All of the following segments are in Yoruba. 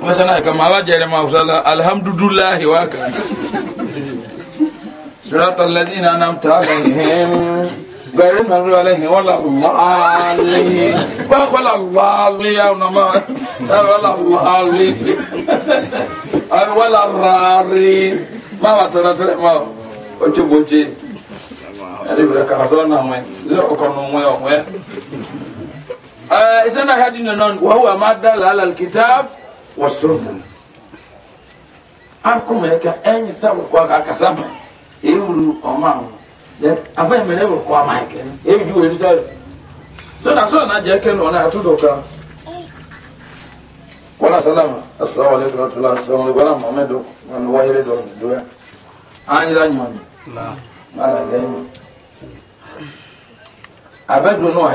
masana kama ala jere ma usala alhamdulillah wa ka صراط الذين انعمت عليهم غير المغضوب عليهم ولا الضالين ولا الضالين ولا ولا الضالين ولا الضالين ما ترى ترى ما وجه وجه أريد لك أزونا وين لو كانوا وين وين Eh, isana hadi na wa huwa madda ala an kuma ka en sabu kwa ka kasama e oma de afa me le kwa ma e ju e sa so na so na je ke atu doka wala salama assalamu alaikum wa rahmatullahi ala alaikum wa muhammadu wahire do do la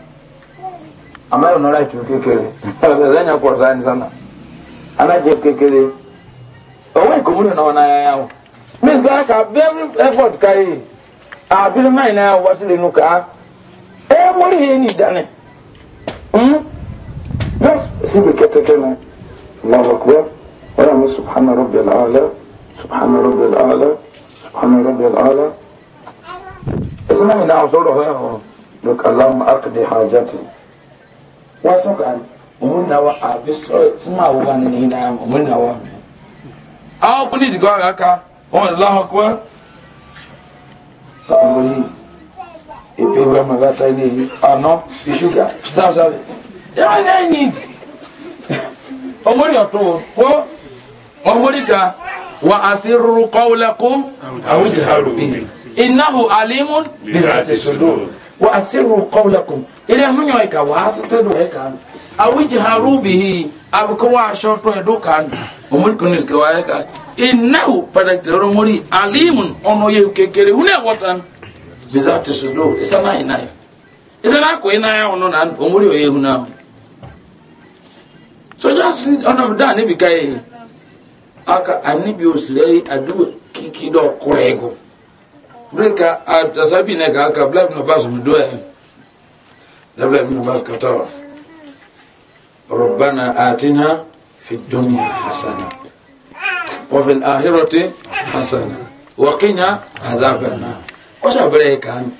ambayo unala chuo kekere tanzania kwa zani sana anaje kekere owe kumuni na wana yao miss ga ka very effort kai a bi na ina wasile nuka e muri he ni dane mm yes sibe ketekele الله أكبر ورحمة سبحان ربي الأعلى سبحان ربي الأعلى سبحان ربي الأعلى إذا ما هنا أصوله هنا لك اللهم أقضي حاجتي wasu kan mun na wa abi so sima wo ba ni na mun na wa aw kuni diga aka on allah akbar sabuni ipe e ba ma gata ni ano si e sugar sa sa ya na ni omori oto ko omori ka wa asirru qawlakum aw ijharu bihi innahu alimun bi sudur wa asirru qawlakum ilé hunyɔ yi ka waa sitere do yɛ kan awiji haru bihi abuko waa sɔrɔtɔ yɛ do kan omori kɔni sigi waa yɛ kan inahu pɛrɛtɛrɛ mori alimun ɔnɔ ye kekere hunɛ wɔtan bisa ti so do isa na yi na yi isa na ko yi na yɛ ɔnɔ na omori yɛ huna sɔjɔ si ɔnɔ aka ani bi o sire yi adu kiki dɔ kura yi ko bere ka labda ibn Abbas katawa ربنا آتنا في الدنيا حسنة وفي الآخرة حسنة وقنا عذاب النار وشابره كان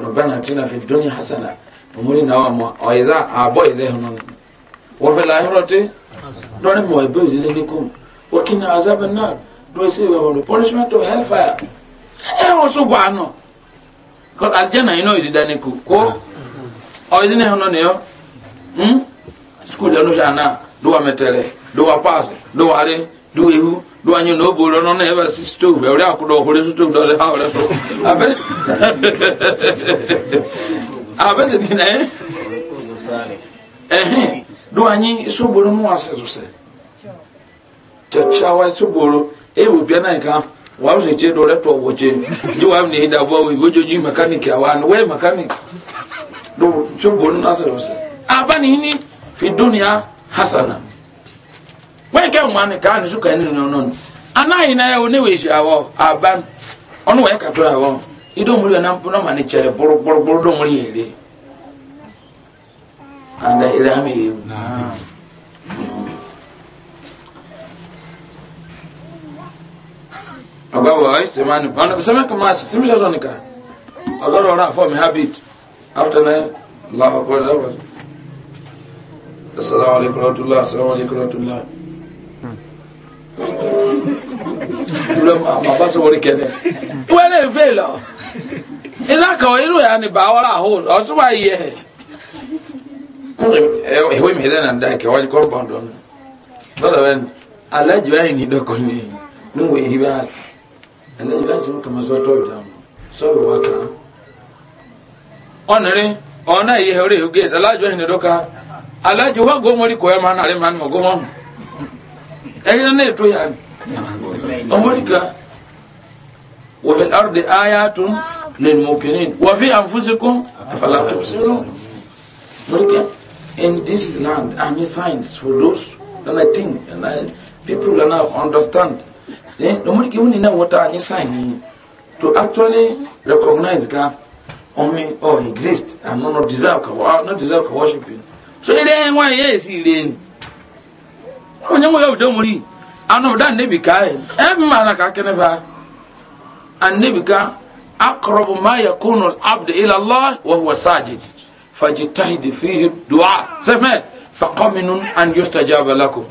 ربنا آتنا في الدنيا حسنة ومولينا وما وإذا أبو إذا هنون وفي الآخرة دون ما يبوز لكم وقنا عذاب النار do say we want the punishment of hellfire. Eh, also go on. Because Aljana, you know, is the Daniku. Go. ọ̀yẹ́sìn ẹ̀hún náà nìyọ́ skul ẹnu ṣe àná ló mẹtẹrẹ ló paasi ihu ló eh, eh. nyi ní o bolo náà bá sí stove ẹwúrẹ́ àkúdọ̀ ọ̀húnrẹ́ stove lọ́sẹ̀ ha ọ̀rẹ́ abẹ́ abẹ́ sì dín ẹ̀hìn nyi mú bíẹ́ náà nìkan wàá dọ̀rẹ́ tọ̀ yíwá mi ìwé shubun nasirus abani ni fi dunya hasana wen ke ma ne kan su kan no no anayi na yo ne we shi awo aban onu we ka to awo ido muri na mpuno ma ne chere buru buru buru do muri ere anda irami na agbawo ayi semani pano semani kama semani zonika ọlọrọ ọrọ afọ mi habit after na Allahu akbar dábàá assalamu alaikum rahmatullah assalamu alaikum rahmatullah baba sọgbọri kẹnẹ wẹrẹ nfe la ila kawo iru ya ni ba wara aho ọsùnwó ayé ẹ ìwé mi rẹ nà dá kẹwàá ju kọ́ bọ̀ dọ́nù lọ́dọ̀ bẹ́ẹ̀ ni alájọ ayé ni dọ́kọ̀ ni níwò èyí bá alájọ ayé sọ kàmá sọ tọ́ ìdààmú sọ ìwà kan ọ̀nà rẹ ona yi hore huge alajo hin doka alajo wa gomori ko ma na re man mo gomon egina ne to yan omorika wa fil ardi ayatun lil muqinin wa fi anfusikum afala tubsirun look in this land any signs for those that I think and I, people are now understand then omorika even now what any sign to actually recognize God only oh he exist. and no not deserve not deserve to worship him so ile enwa ye si ile ni onye nwe obodo muri ana obodo nnebi ka e mma na ka kene fa annebi ka aqrab ma yakunu al-abd ila Allah wa huwa sajid fajtahid fihi du'a sama faqaminun and yustajab lakum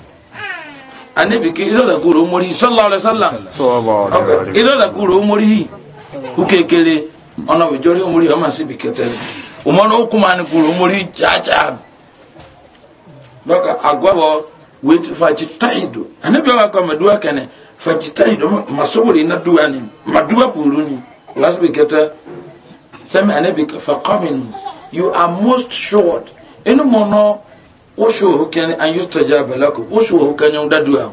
annebi ki ilo da guru muri sallallahu alaihi wasallam sallallahu alaihi wasallam ilo da guru muri ọ̀nà ìjọrí omori ọmọ síbi kẹtẹ rẹ ọmọnà okùnmáni kúrò omori jájá dọ́kà àgọ́bọ̀ wẹ́tí fàjítàìdò ànábi ọmọ akọ màdúwà kẹnẹ fàjítàìdò màsọ́wòrì iná dúwà ni màdúwà kúrò ni wà síbi kẹtẹ sẹ́mi ànábi fàkọ́min you are most sure. inú mọ̀nà wosò òhù kẹni and you tọjá abẹ́lẹ́kọ̀ wosò òhù kẹni ọ̀dá dúwà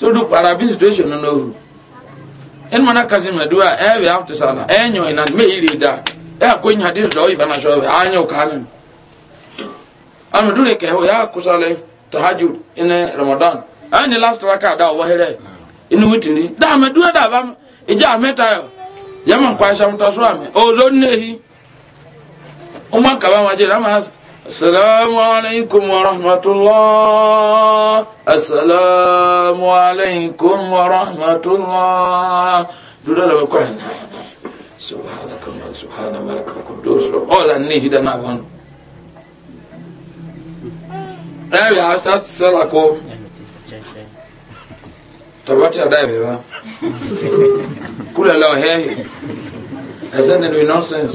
so do para bí situation nínú òhù ɛnum ana kasi mɛdu a ɛyɛ eh, after sala ɛyɛ eh, nyɔ ina mɛ yi de da ɛyɛ eh, akɔ nyi hadith dɔw ibana sɔ ɛyɛ anyɛ ah, o kaa mi amadu de kɛ o yɛ akusale tahaju ɛnɛ ramadan ɛyɛ ah, ni last raka da o wɔhɛrɛ ɛni witiri da mɛ du da ba ɛdja mɛ ta yɔ yɛ mɛ nkɔ ahyɛmutɔ so amɛ ozo nehi ɔmɔ kaba ma jɛ dama السلام عليكم ورحمة الله السلام عليكم ورحمة الله دولا لما كوحنا سبحانك الله سبحان ملك القدوس وقال أنيه دنا وان أبي عشت سرقو تبعت يا دايبي با كل الله هي أسنن بنونسنس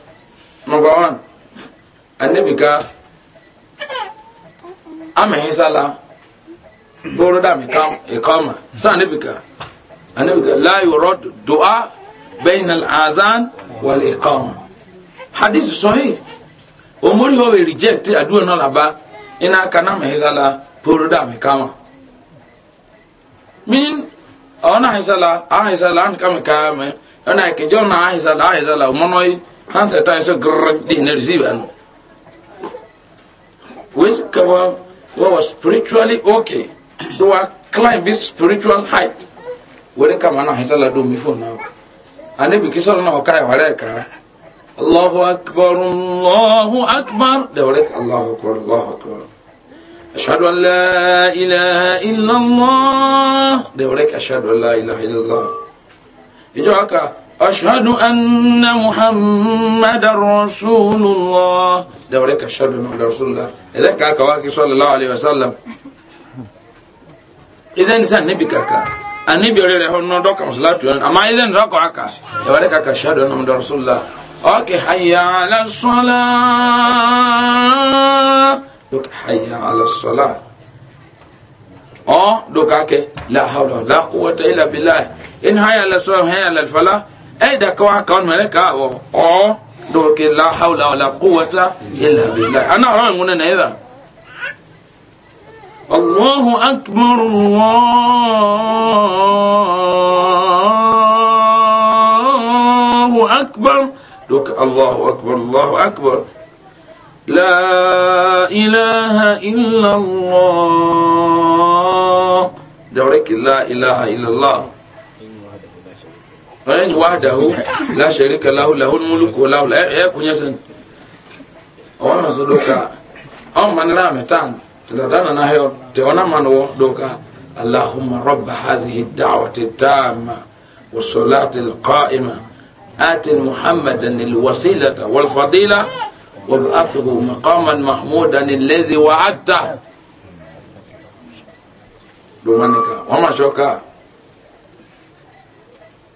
number one anabi ka amahinsala gboro dami kam ikama sa anabi ka anabi ka la yurad du'a bain al azan wal iqama hadith sahih omori ho reject aduwa no laba ina kana mahinsala gboro dami kama min ona hinsala ahinsala an kama kama ona ke jona ahinsala ahinsala monoi hansa ta so grrr di na receive an which cover what was spiritually okay do I climb this spiritual height wani kama na hansa la do mi fo na anabi kisal na ka ya wala ka Allahu akbar Allahu akbar da wala Allahu akbar Allahu akbar أشهد أن لا إله إلا الله ده ولك أشهد أن لا إله إلا الله يجوا هكا أشهد أن محمد رسول الله ده وليك أشهد محمد رسول الله إذا كاكا واكي صلى الله عليه وسلم إذا إنسان نبي كاكا النبي يقول له أنه دوك مصلاته أما إذا نراكو أكا ده وليك أشهد أن محمد رسول الله أوكي حي على الصلاة دوك حي على الصلاة أو دوك عكي لا حول ولا قوة إلا بالله إن حي على الصلاة وحي على الفلاح aida ka wa kan mele ka wo o do ke la hawla wala quwwata illa billah ana ran ngune na ida Allahu akbar Allahu akbar دوك الله أكبر الله أكبر لا إله إلا الله دورك لا إله إلا الله ọ̀rẹ́ni wàdàhù láṣẹ̀ríkà láhù láhù múlùkù láhù ẹ̀kùnyẹ́ sẹ́ni ọwọ́ náà sọ dọ́ka ọmọ manira mẹ́tàn tẹ̀sán dáná náà hẹ́ọ́ tẹ̀ ọ́nà máa nọwọ́ dọ́ka aláhùmá rọ́bà hazihi dàwọ̀ tẹ̀ tààmà wọ́sọ̀lá tẹ̀ kọ́ìmà آتِ محمدا الوسيلة والفضيلة وابعثه مقاما محمودا الذي وعدته دومانيكا وما شوكا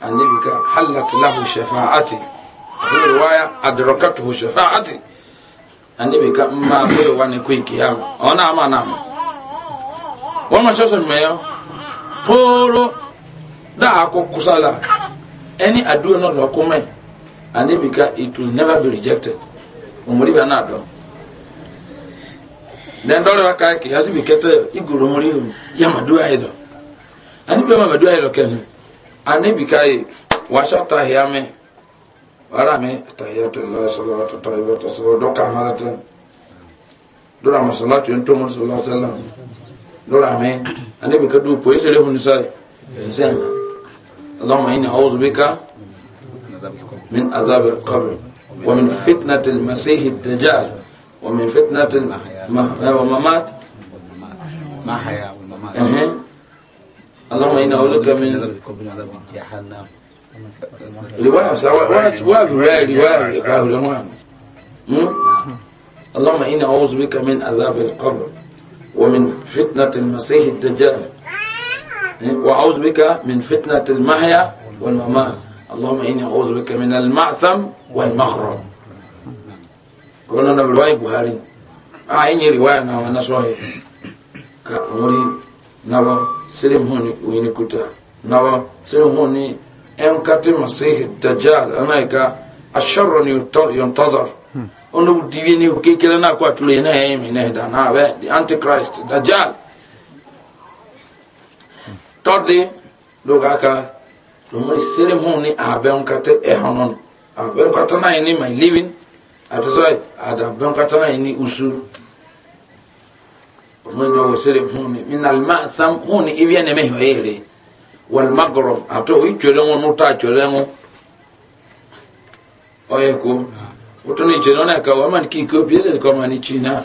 annabi ka hallat lahu shafa'ati fi riwaya adrakatuhu shafa'ati anibika ka ma bai wani ku kiyama ona ama na ama wama shoso meyo poro da ako kusala any adu no do anibika annabi ka it will never be rejected umuri bana do den dole ka ki hasibi kete iguru muri ya maduwa ido annabi ma maduwa ido kenan anabi kaye washa tahiya me wara me la tahiyatu lillahi salawatu tayyibatu salawatu do kamalata dora masalatu ento mu sallallahu alaihi wasallam dora me anabi ka du po esere hun sai sen ma inni a'udhu bika min azab al-qabr wa min fitnati al-masih ad-dajjal wa min fitnati al-mahya wa mamat mahya wa mamat اللهم إنا أولك من اللهم إنا أعوذ بك من عذاب القبر ومن فتنة المسيح الدجال وأعوذ بك من فتنة المحيا والممات اللهم إني أعوذ بك من المعثم والمخرم قلنا برواية بخاري أعيني آه، رواية نعم، أنا وأنا صاحي كأمري naba sere honi wini kuta naba sere honi en kate masih dajjal anaika asharru ni yuntazar hmm. ono divi ni ke kele na kwa tule na e mi ne da na be the antichrist dajjal todi lugaka dumri sere honi aben kate e honon aben kate na ni my living atisai ada ben kate na ni usul osmani wa wasere mhuni min almatham huni ibya ne meho wal maghrib ato ichwele ngo nuta chwele ngo oyeko utoni chwele ngo ka waman ki ko pieces ko mani china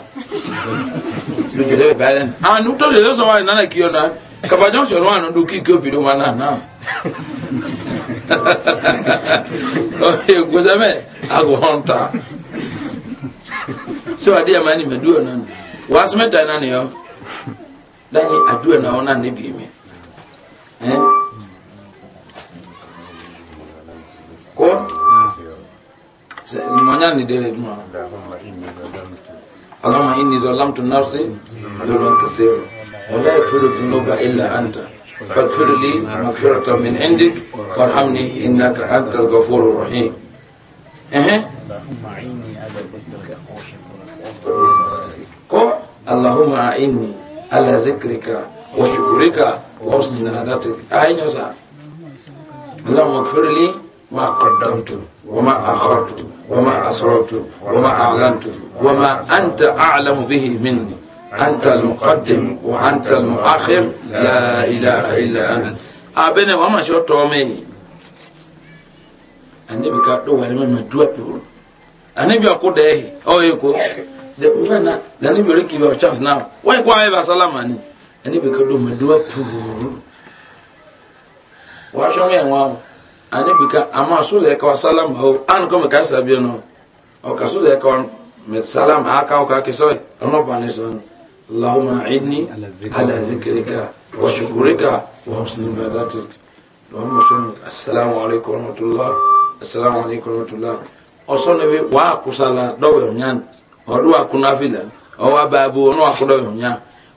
lujele balen an uto lele so wani nana kiona kabajon so wani ndu ki ko bidu mana na oyeko zame agwanta so adia mani meduo nani wasome dana ne yɔ dani adua na wɔn na ne bi mi ɛn eh? ko sɛ mɔnya ne de duma alama inni zalamtu nafsi zulman kaseera wala yakfiru zunuba illa anta فاغفر li مغفرة min indik warhamni إنك أنت الغفور الرحيم. أها. اللهم أعيني اللهم أعني على ذكرك وشكرك وحسن عبادتك أين يسعى اللهم اغفر لي ما قدمت وما أخرت وما أسررت وما أعلنت وما أنت أعلم به مني أنت المقدم وأنت المؤخر لا إله إلا أنت أبنى وما شو تومي النبي كاتو ورمي مدوى بيقول النبي أقول ده أو يقول the wana dani mere ki your chance now why kwa eva salama ni ani be ko do me do puru wa sho me wa ani be ka ama so le ka salama o an ko me ka sabio no o ka so le ka me salama aka o ka ke so no ba ni so اللهم أعدني على ذكرك وشكرك وحسن عبادتك اللهم شكرك السلام عليكم ورحمة الله السلام عليكم ورحمة الله أصلا وعكسلا دوي نان ọdún àkúnná fìlà ọwọ́ abáàbò ọ̀nà àkúnná ìhùnyá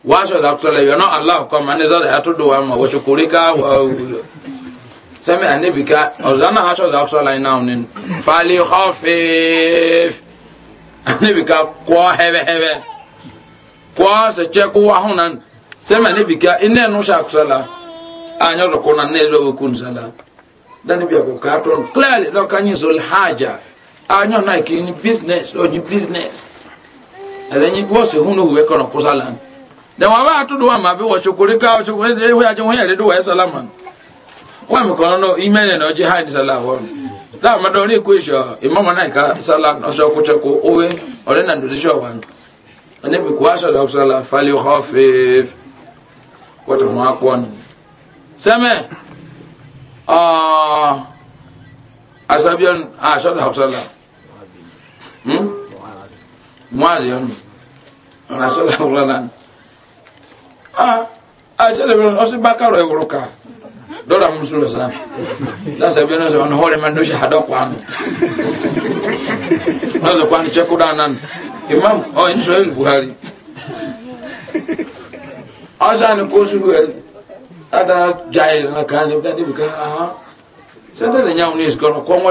wọ́n aṣọ ìdàkútọ̀lẹ̀ yọ náà aláàkọ́ ma ní sọ́dọ̀ àtúndò wa mọ̀ wọ́ṣọ kòríkà sẹ́mi ànébìká ọ̀dọ́ náà aṣọ ìdàkútọ̀lẹ̀ náà ní falẹ̀ ọ̀fẹ́f ànébìká kọ́ hẹ́bẹ́hẹ́bẹ́ kọ́ sẹ̀kyẹ́ kó wá hùn náà sẹ́mi ànébìká iná ẹ̀nu ṣàkúsọ̀lá àyànjọ́ kọ́ náà ní ẹ̀rọ òkú nsọ̀lá dánibí àkókò àtọ́ ɛdɛnyi wɔsi hun no huwe kɔnɔ kusa lan dɛ wɔn abaa to do wɔn ama bi wɔ sokori ka sokori de wɔn akyɛ wɔn yɛrɛ de wɔn ɛsalama wɔn mi kɔnɔ no imɛnɛ na ɔgye hayi nisala wɔn daa ma dɔn ne ko esua imama na ika sala ɔsɛ ɔkutsɛ ko owe ɔde na ndodo sɛ wɔn ɛne bi ko asɔ dɔk sala fali hɔ feef wɔtɔ wɔn akɔ no sɛmɛ ɔɔ asabiɛ no a asɔ dɔk sala hmm muazi yɛ no. anasala wulana ah asala wulana ɔsi bakaro ewuro ka dɔra musoro sa lasa bi n'oso ɔno hɔre ma n'osi hadɔ kwanu n'oso kwanu cɛko da anan imam ɔ e nisɔn eli buhari ɔsan ko sugu yɛ ada jaayi na kan ne bi ka ne bi ka aha sɛde le nyawu ne sikɔnɔ kɔngɔ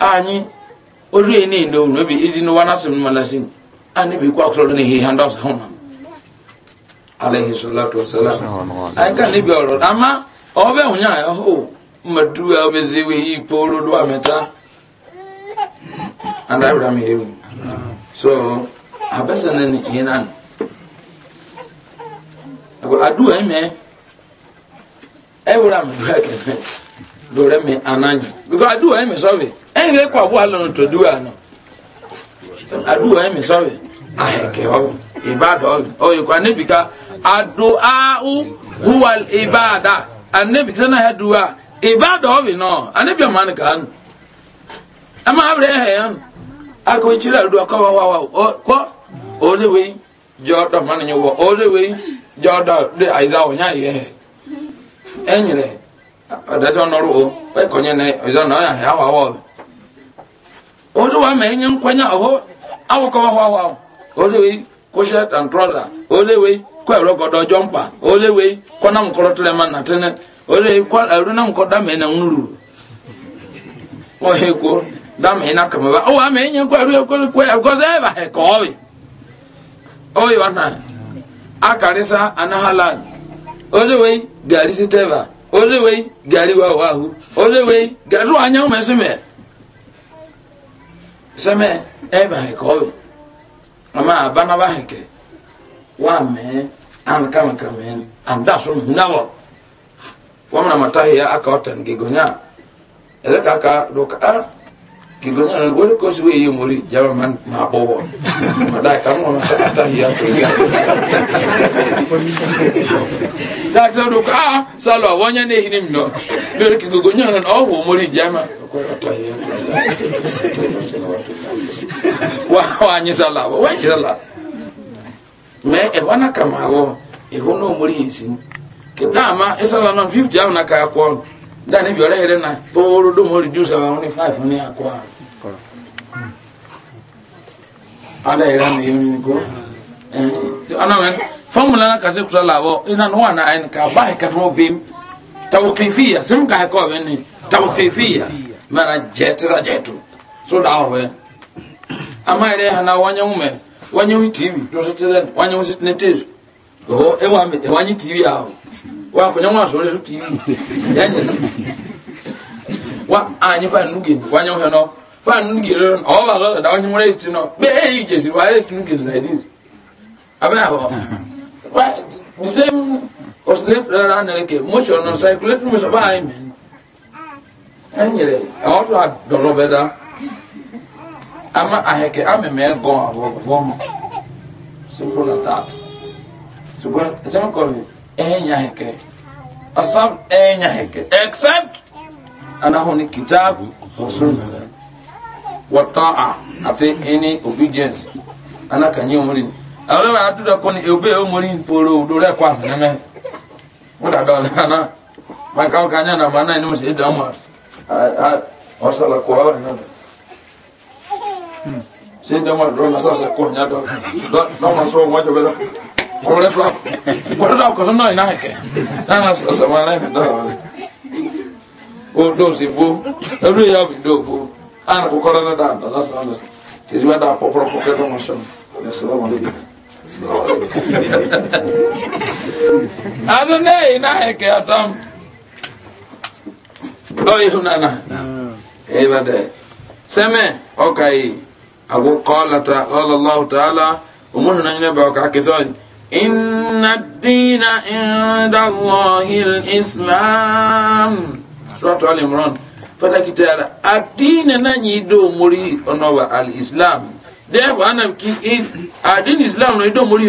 anyị orie niile unu bi ezi n'ụwa na nasị mmalasi anyị ebi ikwu akụrọ na ihe ndị ọsọ hụna alaihi salatu wasalam anyị ka n'ibi ọrụ ama ọbịa ụnyaahụ ọhụụ mmadu ya obezi iwe ihe ipo olu amịta and abịara m ewu so abesa na ihe na adu eme ewura m dua kemgbe lórí mi ananyi because aduwa ẹ̀mí sọ́ọ̀bì ẹ̀yìn lè kọ́ àbúrò alọ́nà tó sorry àná aduwa ẹ̀mí sọ́ọ̀bì ahẹ̀kẹ́ ọ̀bì ìbàdàn ọ̀bì ọ̀yẹ̀kọ́ anẹ́bìkà adu'a'u huwa ìbàdà anẹ́bìkà sẹ́nà ẹ̀ duwa ìbàdàn ọ̀bì náà anẹ́bì ọ̀mà ni kàn ẹ̀ máa rẹ̀ ẹ̀ yẹn akọ̀ ìkyírí àdúrà kọ́ wa ọdọsẹ ọnọrụ o na ọzọ na ọya ya wawa ozu wa mee nye nkwenye ọhụ awụkọwa hụ ahụ olewe and trọza olewe kwa ọgọdọ jọmpa olewe kwana mkọrọ tụlema na tene na mkọ dame na nruru ọhịkwo dame na kamaba ọwa na akarịsa anahala ole wei gari wa wa hu ole wei garu anya ma seme seme e ba ko ama bana ba heke wa me an kama kama an da so na wa wa mata ya aka watan gigonya ele kaka doka kidogo anagole kosi we iyo muri jaba man ma bobo da kan ma ta hiya to da ta do ka salo wanya ne hinim no do ki gogo nya no oh, ho muri jama ko ta hiya to wa wa nyi sala wa nyi sala me e wana kama e hono muri hisim ke dama esala no 50 jana ka ko dani bi ọ̀rẹ́ yẹrẹ na fowóró dómo reduce our only five ní akọ a ada yẹrẹ na yẹn mi ko ana wẹn fọmùlà náà kàṣẹ kùsà làbọ iná ní wà náà ẹnì ká báyìí kàtó wọn bẹẹm tàwọn kẹfì yà sẹmu ká ẹkọ ọbẹ ni tàwọn kẹfì yà mẹra jẹ tẹsà jẹ tó so dà ọbẹ ama yẹrẹ yà hànà wọn yẹn wọn mẹ wọn yẹn wọn tv lọsọ tẹlẹ wọn yẹn wọn sì tẹlẹ tẹlẹ ọwọ ẹwà mi ẹwà yẹn tv yà wọ wakunyamwa zole su tv yanye wa anyi fa nuge wanya hono fa nuge ron o ba lo da wanya mure istino be yi jesi wa rest nuge na dis abena ho wa the same os le ran na ke motion no circulate mo so ba men anyere o to adoro beda ama aheke ameme go abo go mo simple as that so go someone call enya heke asab enya except anahu kitabu wa wa ta'a ati ini obedience anaka omuri awre ma atuda ko ni obe omuri poro do kwa neme muda do na ma ka ka na ma ni musi do ma a osala ko wa na se do ma do na sa se ko nya do do ma so mo hmm. jo Kɔrɔlɛ fila kɔrɔlɛ fila kɔsɔn nɔɔyi n'a kɛ n'a na sɔrɔ sɔmɔ n'a yɛ dɔw o do si bo ebi yɛ bi do bo a na ko kɔrɔ ne da da la sɔrɔ ne tètè bɛ da kɔkɔrɔ kɔkɛ dɔ ma sɔn ne sɔrɔ ma ne a do ne n'a yɛ kɛ a tam dɔw yi nana e ba dɛ sɛmɛ ɔka yi a ko kɔɔ lata ɔlɔlɔ taala o mun nana ɲinɛ bɛ o ka إن الدين عند الله الإسلام سورة آل عمران تعالى الدين مري الإسلام islam muri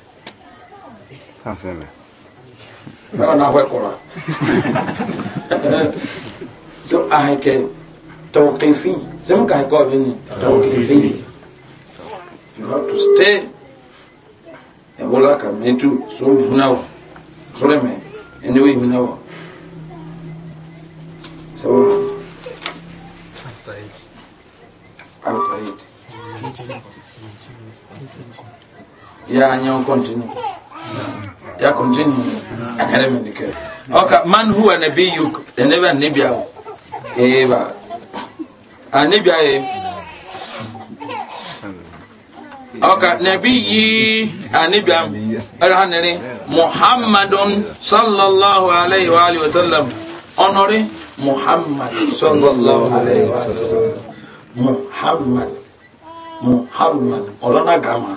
San Seme. No, no fue Corán. so ahe ke tawqifi. Sem ka ko bin You have to stay. E bola ka metu so hunawa. So le me. Anyway hunawa. So after it. After it. Yeah, and you continue. ya continue academic care okay man who an abiyuk the never an nibia eba an nibia e okay nabiyyi an nibia arhanere muhammadun sallallahu alayhi wa alihi wasallam honore muhammad sallallahu alayhi wa sallam muhammad muhammad ọlọ́nà gàmà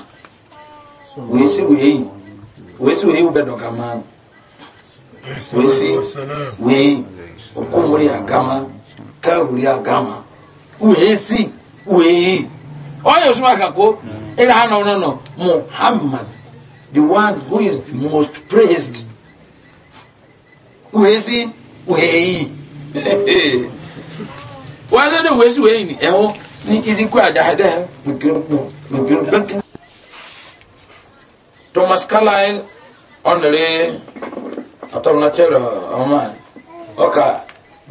wèé sí wèé wesi wei wobɛdɔgama wesi wei okomori agama kahuri agama wesi wei ɔyɛ soma kako ɛna ha nɔnɔ nɔ muhammad the one who is the most praised wesi wei wazɛ de wesi wei ni ɛho ni izi kura jahadɛ mekirikun mekirikun Thomas Carlyle onere atom na oman oh okay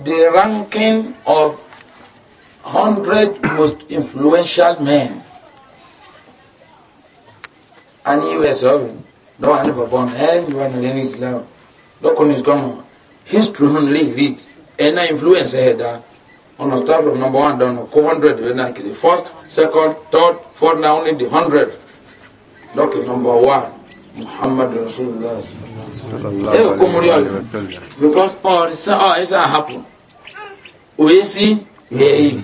the ranking of 100 most influential men and US of no one and born anyone in Islam No one is gone history only lead and influence header eh, on a start from number one down to 400. when I the first, second, third, fourth, now only the hundredth. donc number one muhammad rasulullah ewe komori ọlọ because ọ ṣe ọ ẹ ṣe àhapọ òye sí yẹyìn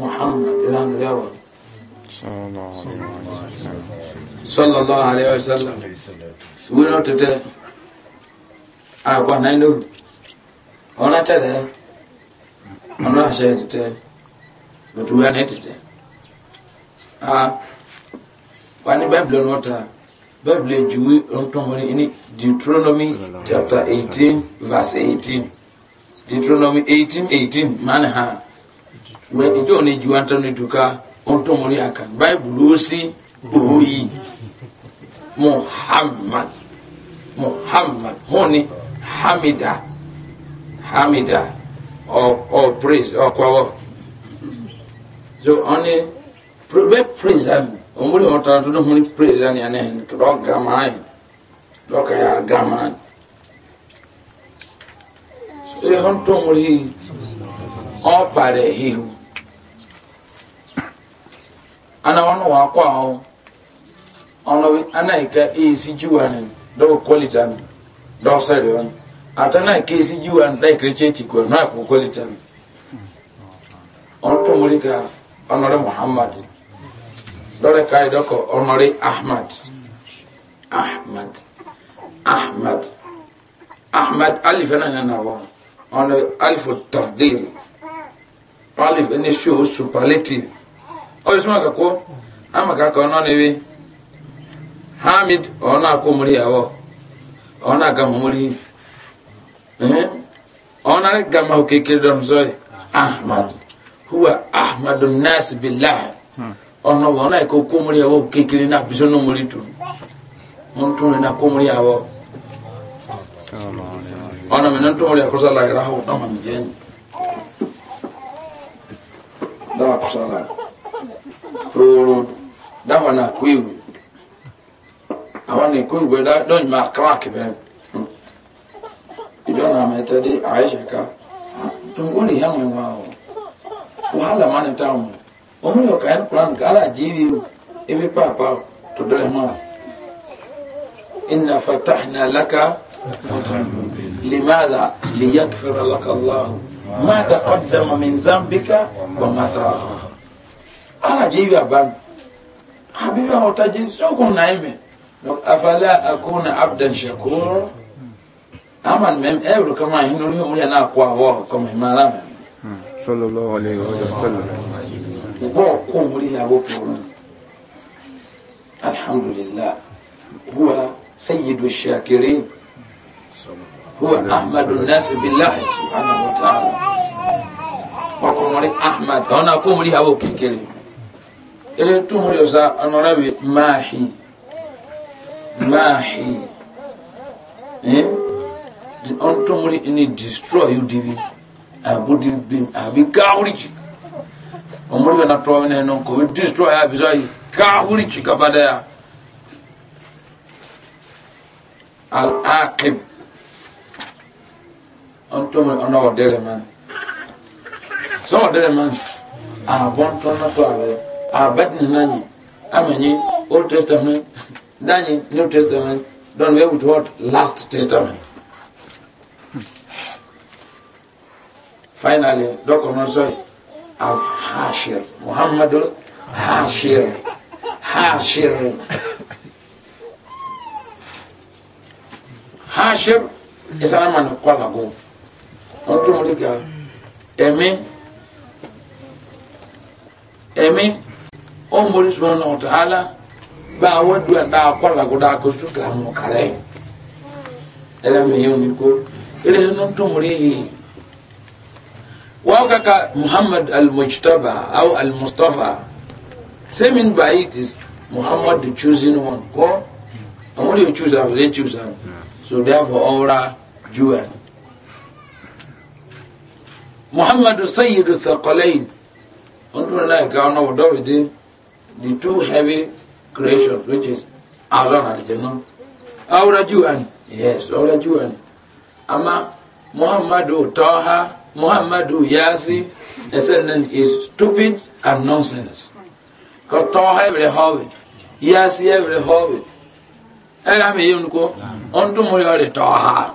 muhammad ìlànà lẹwà sallallahu alayhi wa sallam ìwé náà tètè àgbà náà ló ọ̀nà tẹ̀lé ọ̀nà àṣẹ tètè òtún wíwá ní tètè. wani bible no ta bible juwe ntɔmɔni ini deuteronomy chapter eighteen verse eighteen deuteronomy eighteen eighteen maana ha wɛ ɛdi wɔn ejuwe antɔmɔni duka ntɔmɔni aka bible osi oyi muhammad muhammad hɔni hamida hamida ɔ ɔ praise ɔkɔwɔ so ɔni bɛ praise am omuli otara tudo muli praise yani yani roga mai roga ya gama ele honto muli o pare hiu ana wano wa kwa o ono ana ika e si juwan do quality an do sere wan atana ke si juwan dai kreche ti ko na ko quality an onto muli ka onore muhammad dore kai doko onori ahmad ahmad ahmad ahmad alif na na nawo ono alif tafdil alif supa leti superlative o sma ka ko ama ka ko no newe hamid ona ko muri awo ona ga muri eh ona ga ma ko kire don so ahmad huwa ahmadun nas ọ̀nà wọn náà kó kómúrí ẹwọ́ kékeré náà bí sọ́nà mórí tún wọn tún rìn náà kómúrí àwọ̀ ọ̀nà mìíràn tún rí àkóso àlàyé ráhà wọn náà mi jẹ́ ní dáwà àkóso àlàyé oorun dáwà náà kó ewu àwọn ní kó ewu bẹ́ẹ̀ lọ́yìn máa crack bẹ́ẹ̀ ìjọ náà mẹ́tẹ́ dé àyẹ̀ṣẹ̀ ká tún ó lè hẹ́wọ̀n wa o wàhálà má ní táwọn onu yo kayan kuran kala jibi ibi papa to dole ma inna fatahna laka limadha liyakfira laka allah ma taqaddama min zambika wa ma ta'akhkhara ala jibi aban habibi hota jibi so kun naime donc afala akuna abdan shakura aman mem euro kama hinuri umri na kwa wa kama himala sallallahu alaihi wasallam وبو قوم لها وفورا الحمد لله هو سيد الشاكرين هو أحمد الناس بالله سبحانه وتعالى وقوم لي أحمد هنا قوم لها وكيكري إلي توم يوسا أنا ربي ماحي ماحي إيه أنتم لي إني destroy you دي أبو دي بيم أبي كاوري omuli na tuwa ne non ko destroy ya bizai ka huli chika badaya al aqib onto mo ona odere man so odere man a bon to na to ave a bet ni nani amenyi old testament nani new testament don we with what last testament finally dokono soi أو حاشر محمد حاشر حاشر حاشر إسلام من قال أقول أنتم لك أمين أمين أمور سبحانه وتعالى bá àwọn dùn ẹ̀dá akọ́làgọ́dá akọ́sùkà mọ̀kàrẹ́ ẹ̀rẹ́ mi yẹn ò ní kó eré inú tó mú rí yìí. wakaka muhammad al-mujtaba au al-mustafa same in by it is muhammad the chosen one ko and what do you choose after they choose him so therefore aura jewel muhammad sayyidu thaqalain unto like our now do the the two heavy creations which is azan and jannah aura jewel yes aura jewel ama muhammad taha Muhammadu Yasi, they said that is stupid and nonsense. Because Toha every hobbit, Yasi every hobbit. And I'm here to on to Muriari Toha.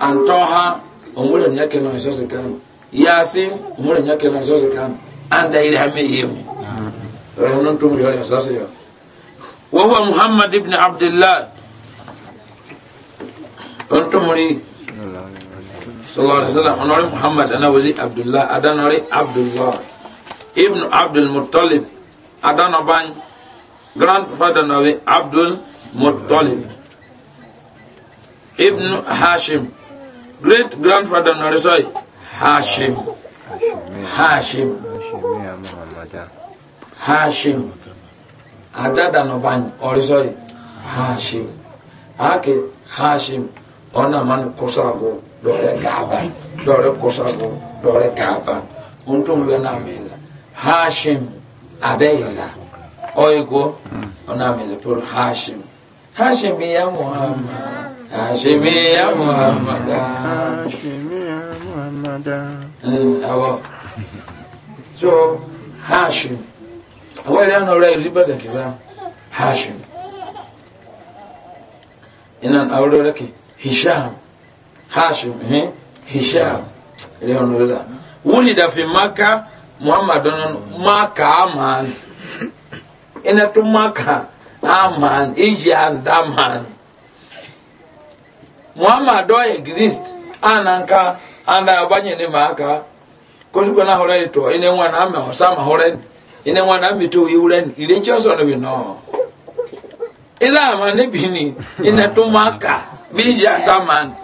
And Toha, Umura Nakan on Sosakan, Yasi, Umura Nakan on Sosakan, and they have me him. Ramun to Muriari Sosia. وهو محمد بن عبد الله أنتم مريد sallallahu alaihi wasallam onore muhammad anawazi abdullah adanore abdullah ibn abdul muttalib adanoban grandfather nawe abdul muttalib ibn hashim great grandfather nawe soy hashim hashim hashim adadanoban orisoy hashim ake hashim ona man kusago dɔwɛrɛ gaaban dɔwɛrɛ kɔsɔbɔ dɔwɛrɛ gaaban n tun bɛ na min na haashim adeiza ɔyigo ɔna min na toro ya muhammad Hashim ya muhammad Hashim ya muhammad. Hmm, awo. so Hashim. awɔ yɛrɛ yɛn nɔrɔ yɛ zi Hashim. Inan awo haashim ina hisham. hashim eh? hisham leonola wulida fi maka muhammad onon maka aman ina tu maka aman ijian daman muhammad o exist ananka anda abanye ni maka kosuko na hore to ine wana ame osama hore ine wana mitu yulen ile choso no bino ila amane bini ina tu maka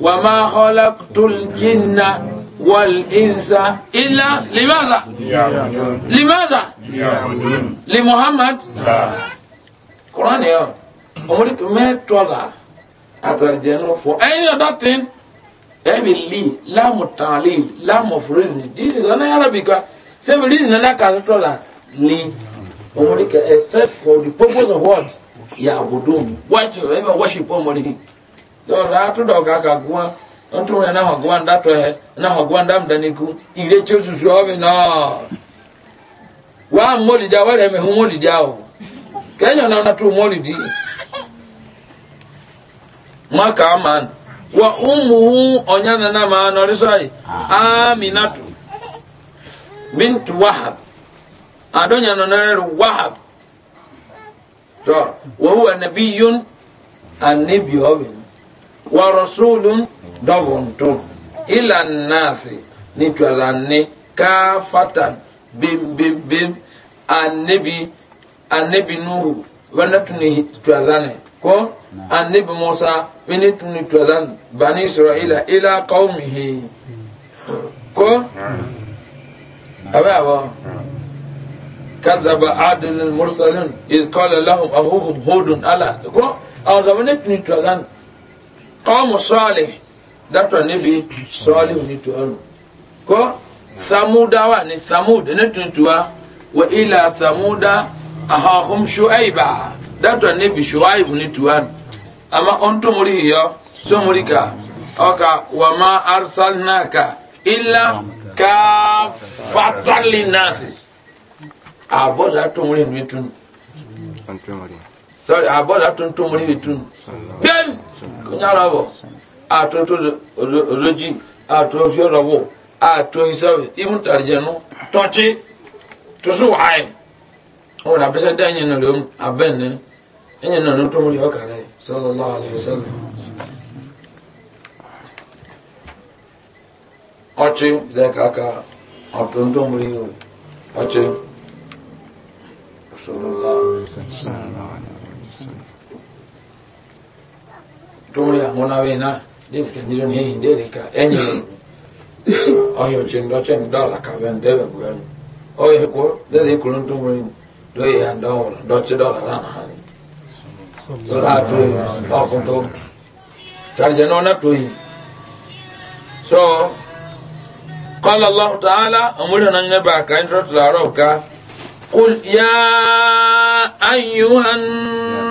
وما خلقت الجن والإنس إلا لماذا لماذا لمحمد قرآن يا أمريك ما تولى أترجعنا for any other thing heavily لام التعليل لام of reasoning this is an Arabic same reason أنا كاتولا لي أمريك except for the purpose of what يعبدون whatever worship أمريك dɔɔrɔ ato dɔ ka ka guwa ntɔ na n'ahɔ guwa nda tɔ hɛ n'ahɔ guwa nda mudani ku ire tso susu ɔbi nɔɔ wa mɔli di awɔ lɛ mɛ mɔli di awɔ kɛnyɛ na to mɔli di ma ka wa umu ɔnya nana ma nɔri sɔ bintu wahab do wahab tɔ anabi wa rasulun dɔbɔntu ila naasi ni tuwara ne kaafatan bembembem anabi anabi nuhu wani tuni tuwara ne ko anabi musa wani tuni tuwara ne bani isra'ila ila qawmihi ko abe abo kadaba adilin mursalin iz qala lahum ahuhum hudun ala ko awo dɔbɔ ne tuni tuwara ne kọ́ọ̀mù sọ́ọ̀lì dátọ̀ níbi sọ́ọ̀lì onítù ọ̀run kọ́ samuda wa ni samud ní tuntuwa wà ilà samuda ahọ́hùn ṣùáìbà dátọ̀ níbi ṣùáìbù onítù ọ̀run àmà ọ̀ntúnmùrì yìí sọmùrì ká ọkà wà má arsalnaka ilà káfàtàlì nàásì àbọ̀dà tó ń rìn ní tunu sorry abɔda tuntum ni bi tun bɛn kunyara bɔ a to to roji a to fiɔrɔ bɔ a to isabi ibu tarijɛnu tɔnci tusu waaye o da bɛsɛ da ɲɛ na lom a bɛn ne e ɲɛ na lom tɔmɔ yɔ kare sallallahu alaihi wa sallam ɔci lɛ kaka ɔtuntun wuli ɔci. person. Tola monawena diska nyiron hii ndeleka enye oyo chindo chen dola ka ben debe gwen oyo ko dele kulun tumun doyi han dola doche so قال الله تعالى أمرنا قل يا أيها الناس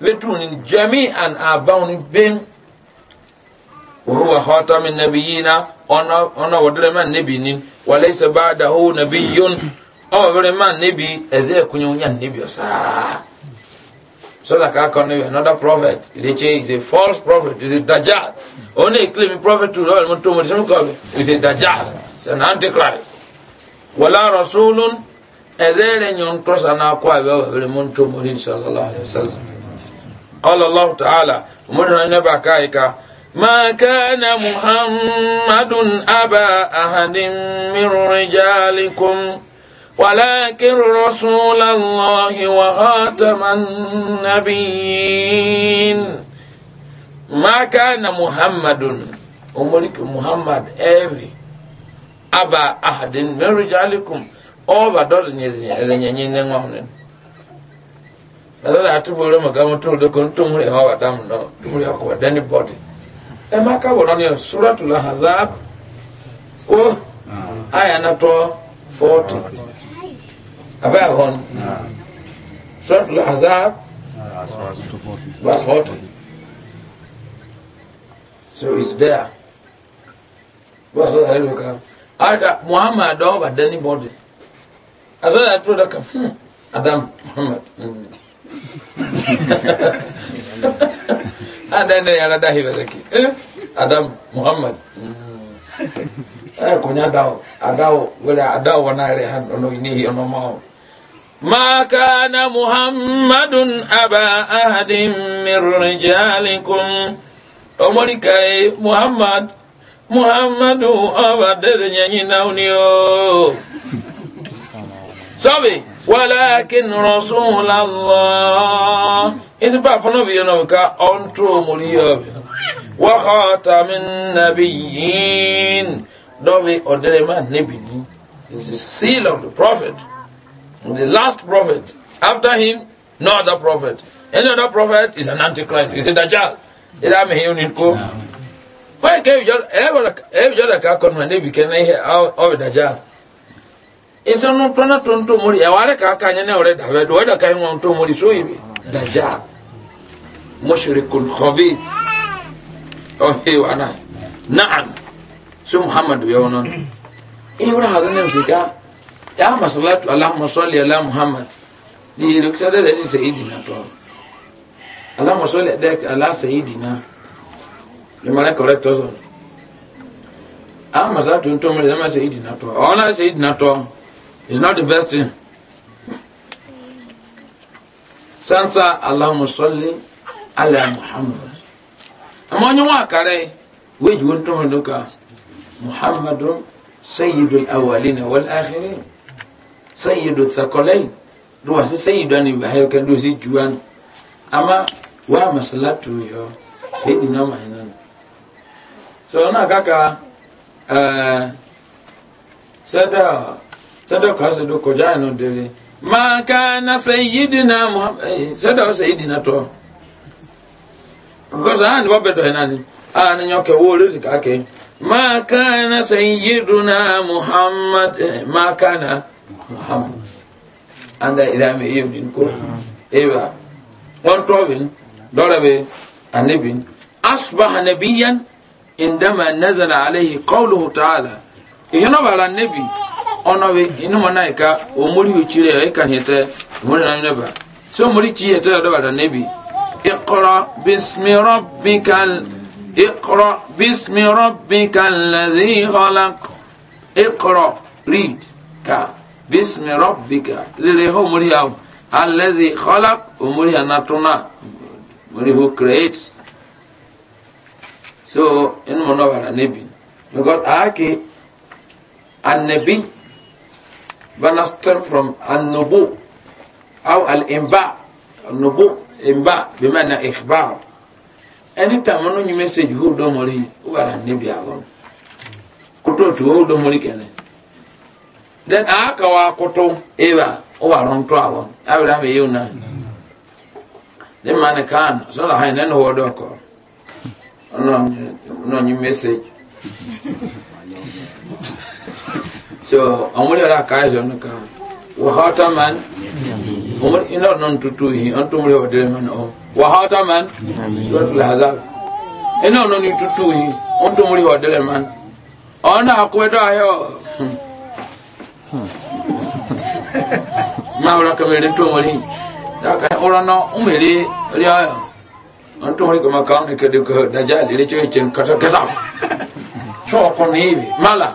بتون جميعا أباون بين وهو خاتم النبيين أنا أنا ودل ما وليس بعده نبي أو ودل نبي أزاي كنيونيا نبي سا so that I can another prophet Ileche is a false prophet is a dajjal only claiming prophet to all to Muslim call is a dajjal is an antichrist wala rasulun أذين ينقص أنا قوي بابا بالمنتم صلى الله عليه وسلم قال الله تعالى ومرنا نبا كايكا ما كان محمد أبا أحد من رجالكم ولكن رسول الله وخاتم النبيين ما كان محمد أمريك محمد أبي أبا أحد من رجالكم أبا دوزن يزن يزن يزن يزن ẹ̀rọ e la tó bọ̀rọ̀ mọ̀gá wọn tó lóko tó ń rìn wọn wà dáhùn náà tó ń rìn ọkọ̀ dẹ́ni bọ́ọ̀dì ẹ má kábọ̀ náà ni sùrọ̀tù la so it's there wọ́n sọ̀rọ̀ ẹ̀ lóka àyà muhammad ọ̀bà dẹ́ni bọ́ọ̀dì àtọ́jà tó dọ̀ka adam muhammad. Mm. ada ah, ini yang ada hiba lagi. Eh, ada Muhammad. Hmm. Eh, punya ada, ada, boleh ada warna rehan. ini, ono mau. Maka ada Muhammadun aba ahadim mirrijalikum. Omori oh, kai Muhammad. Muhammadu awa dere nyanyi sɔbi walakin rasulallah isi paapa no bi yɛ no ka ɔn turo mori yɛ wakata min nabiyin dɔ bi ma nabi ni the seal of the prophet the last prophet after him no other prophet any other prophet is an antichrist is a dajjal ila mi hin why can't you just ever ever just like akɔnuma nabi kɛ na ihe ɔbi dajjal. ese no plana tonto muri ya wale ka kanya ne ore da wedo da kai mo tonto muri so ibi daja mushrikul khabith oh he wana na'am su muhammad ya wonon e wura hada ne musika ya masallatu allahumma salli ala muhammad ni ruksa da shi sayyidina to allahumma salli ala sayyidina ni mara correct also amma salatu tonto muri da ma sayyidina to ona sayyidina to It's not investing. Sansa Allahumma salli ala Muhammad. Amma onye nwa akara wee jiwo ntụ ndụ ka Muhammadun sayyidul awalina wal akhirin sayyidu thakolain duwa si sayyidu ani bahayo kan duwa si juwan amma wa masalatu yo sayyidina mahinan so na kaka eh uh, sada sadaka asadu ko jano dere ma kana sayyidina muhammad sadaka sayyidina to because an wa bedo enani an nyoke wo ri kake ma kana sayyiduna muhammad eh, ma kana muhammad anda ila me yebin ko ewa on tobin dorabe annabi asbaha nabiyan indama nazala alayhi qawluhu ta'ala ihyana bala nabi ono we inuma na ka o muri uchire e kan hete muri na neba so muri chi hete da ba da nabi iqra bismi rabbikal iqra bismi rabbikal ladhi khalaq iqra read ka bismi rabbika lele ho muri ha alladhi khalaq umuri anatuna muri who creates so inuma na ba da nabi because ake annabi bana stem from annubu au al-imba annubu imba bimana ikhbar any time ono nyime stage hu do mori wala nibi awon kuto to do mori kene then aka wa kuto ewa o wa ron to awon awira me yuna ne mane kan so la hay nen ho do ko No, no nyime message. so omuli ala kaizo nka wahata man omuli ina non tutuhi antu muli hodere man o wahata man suratul hazab ina non tutuhi antu muli hodere man ona akweto ayo mawra kamere tomuli daka orana umeli ria antu muli kama kauni kedu ko dajali licho chen kata kata choko ni hivi mala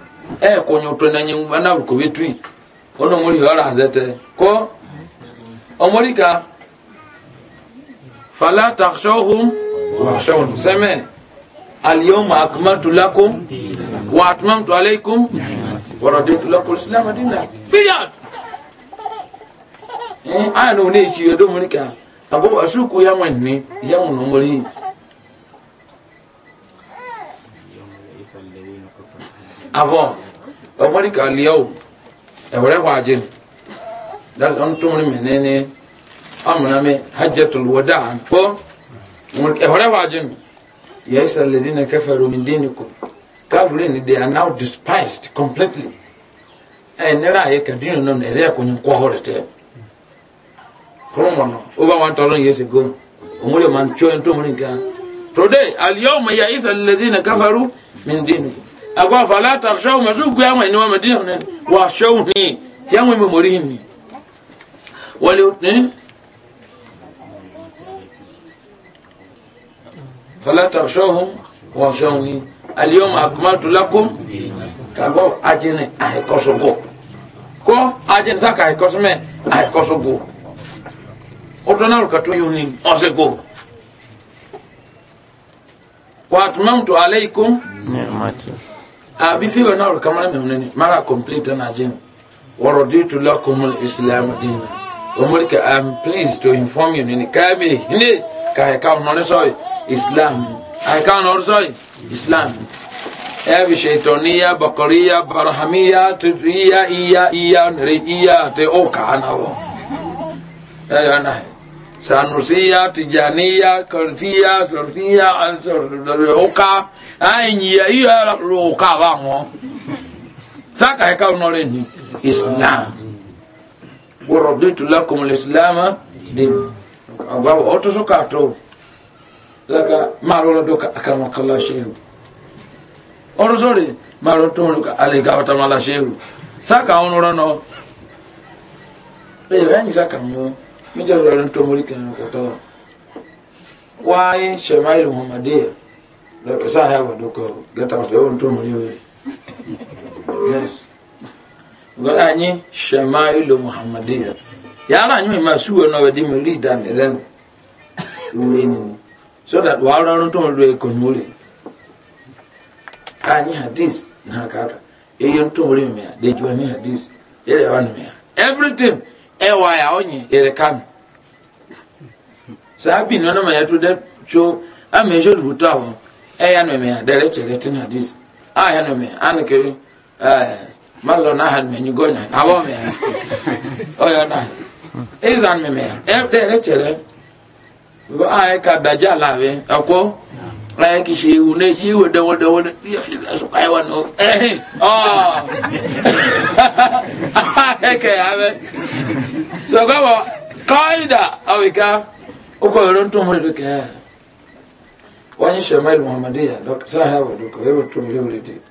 e konyo to na nyi na ko betui ono muri yara hazete ko omorika fala hum, takhshawhum wakhshawni sema alyawma akmaltu lakum wa atmamtu alaykum wa raditu lakum alislam dinan period eh aya no ne chi yodo morika abo asuku ya mwanni no munomori avant ọmọdé ka liaw ẹwẹrẹ wàjẹ láti ọ̀n tó mi nẹ́ni ọmọdé mi hajjatul wada kọ́ ẹwẹrẹ wàjẹ mi yẹ ẹsẹ lẹdí na kẹfẹ romi dín they are now despised completely ẹ nira ayé kẹdínú náà ní ẹsẹ ẹkọ ní nkọ ọhọrọ tẹ kúrọmọ náà over one thousand years ago ọmọdé ma n tí ọ ẹ tó today aliyah ọmọ yẹ ẹsẹ lẹdí na kẹfẹ agwa fala takshaw masu gya mai ni wa madina ne wa shaw ni ya mu mu mori ni wale ne fala takshawhum wa eh? shawni al yawma akmaltu lakum kago ajene ay kosogo ko ajene saka ay kosme ay kosogo odona ka to yuni osego wa atmamtu alaykum ni'mati bifi bɛ nɔɔrɔ kamara mɛmɛ ni mara complete na jin wɔrɔ di tu islam diina o mori i am pleased to inform you nini kaa bi hinde ka ye kaa nɔɔri islam I can kaa nɔɔri islam ɛ bi shaitaniya bakariya barahamiya tiriya iya iya nere iya te o kaa na wo. ɛ yɛ na ye sanusiya tijaniya kɔrɔtiya sɔrɔtiya o kaa. anyia iyo ala ruka ba ho saka ka nore ni islam wa raditu lakum alislam din agwa oto suka to laka marola doka akama kala shehu oro sori maro to doka ale gawata mala shehu saka onora no Eyo yanyi saka mu mi jaro ran to muri kan ko to wai shemailu muhammadiyya Look, as uh, I have a look, get out the own tomb. Yes. Granny Shemailu Muhammadiyat. Yara, you must sue no dim lead and So that while I don't know the Kunuli, I had this Nakaka. Eyon tomori me, they join me. Everything, eh, ɛyɛ eh, no ah, ya dɛrɛ chere ten hadis ayɛ ya mea ane kere eh, malo na han menyi gonya abo ya na izan me mea dɛrɛ a ayɛ ka daja lawe ɛko ayɛ kishe iwu na eji iwe dewo na biya libya so kaiwa no ɛhɛ ɔɔ ayɛ kɛ abɛ so gɔbɔ kɔida awika wani shamil muhammadiya dok sa ha ba doko yebo tum yewri di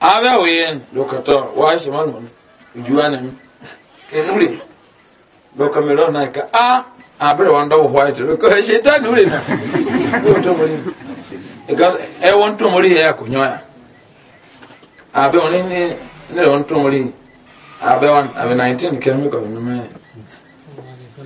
ara wen dokato wa shamal mun juwana mi enuri doka melo na ka a abere wanda wo white doko shetan nuri na ko to muri egal e won to muri ya ko nyoya abe oni ni ne won to muri abe wan abe 19 kemi ko mi me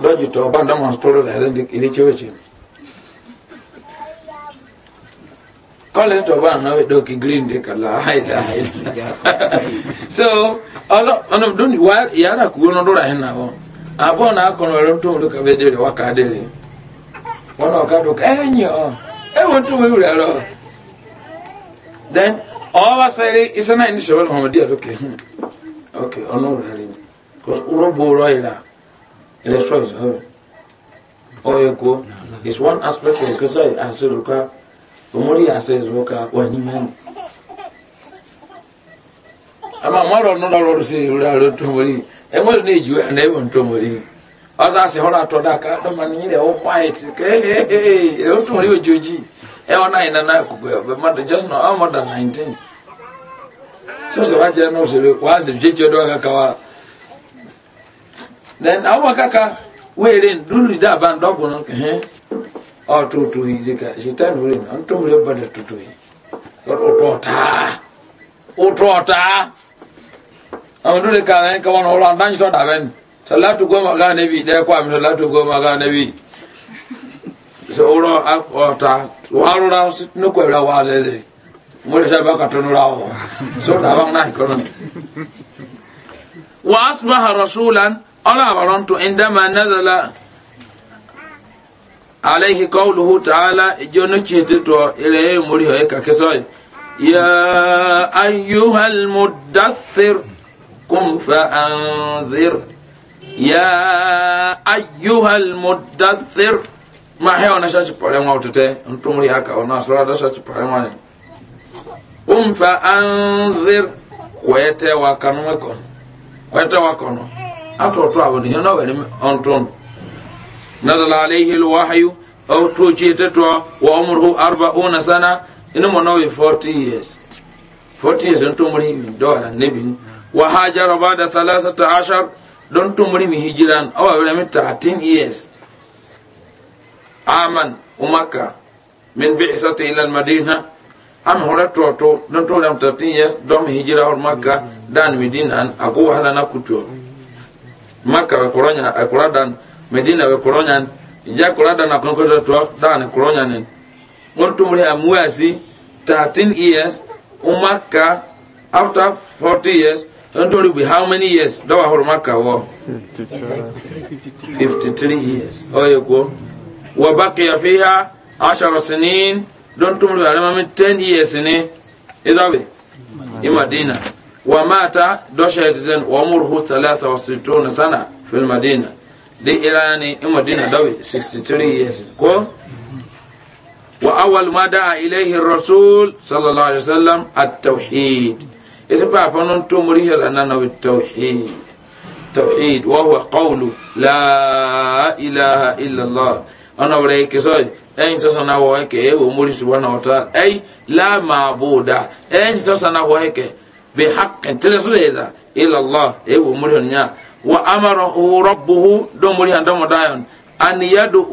doji to ban da mon storo da ran dik ile chewe che kole to ban na we doki green de kala haida so ono ono dun wa yara ku no dora hen na ho abo na ko no ron to do ka be de wa ka de le ono ka do ka enyo e won tu me ure ro then all was say is an initial muhammadia okay okay ono ro hari ko ro bo ro ila ilẹ̀ a ìṣòro ọyẹ is one aspect of nkesa ase ruka omori ase ruka wà ní mẹ́rin. ama mọ́rọ̀ nínú ọlọ́run sí ìrora rẹ̀ tó mọ́rí ẹ mọ́rọ̀ ní ìjù ẹ̀ ẹ̀wọ̀n tó mọ́rí ọ̀dà àti ọ̀rọ̀ àtọ̀dá ká dọ́mọ ní ilẹ̀ ó quiet kéèké ó tó mọ́rí òjòjì ẹ̀ ọ̀ náà ìnáná àkùkù ya but just now I'm more than then awa kaka were nduri da ban dogo non ke hen o tutu hi dika shitan wure an tum re bada tutu hi or otota otota an dole ka ne ka won hola dan so da ben salatu goma ga nabi da kwa mi salatu goma ga so ra no ko ra wa ze mo le sa ba ka tonu ra o so da ba na ko non wa asbaha rasulan ọ̀rọ̀ àwòrán tó ndama nazala alayhi qawluhu ta'ala ìjọ ní chìtì tó ilẹ̀ yẹn muri ho ẹ̀ka kẹsọ́ ya ayyuhal mudathir kum fa anzir ya ayyuhal mudathir ma hẹ́ ọ̀nà ṣáàṣì pàrẹ́ wọn ọ̀tútẹ́ ntúmùrì aka ọ̀nà sura dá ṣáàṣì pàrẹ́ wọn ni kum fa anzir kwete wa kanú ẹ̀kọ́ kwẹ́tẹ́ أتو تو أبو هنا وين يعني أنتون نزل عليه الوحي أو توجي تتو وعمره أربعون سنة إنه منو فورتي years فورتي years أنتم مريم دولا نبين وهاجر بعد ثلاثة عشر دون تمري مهجران أو أبو نمي تعتين years آمن ومكة من بعثة إلى المدينة أم هو تو تو دون تو لم تعتين years دون هجران أو مكة دان مدينة أقوى هلا نكتو maka we kuronya ay eh, kuradan medina we kuronya ja kuradan na akon ko to dan koronyanin ngortu muri amwasi 13 years umaka after 40 years don't worry be how many years dawa hor maka wo 53 years oyego wa baqiya fiha 10 sinin don't worry alama 10 years ne idabe imadina ومات دوشيتن ومره 63 سنة في المدينة دي إيراني المدينة إيه دوي 63 years كو وأول ما دعا إليه الرسول صلى الله عليه وسلم التوحيد اذا بقى فنون تمره لنا التوحيد توحيد وهو قول لا إله إلا الله أنا بريك سوي أين سسنا وهيك أي ومري سبحانه وتعالى أي لا معبود أين سسنا وهيك bi haqqin tilisreda ila allah e wo muri on nya wa amarahu rabbuhu do muri handa mo dayon an yad'u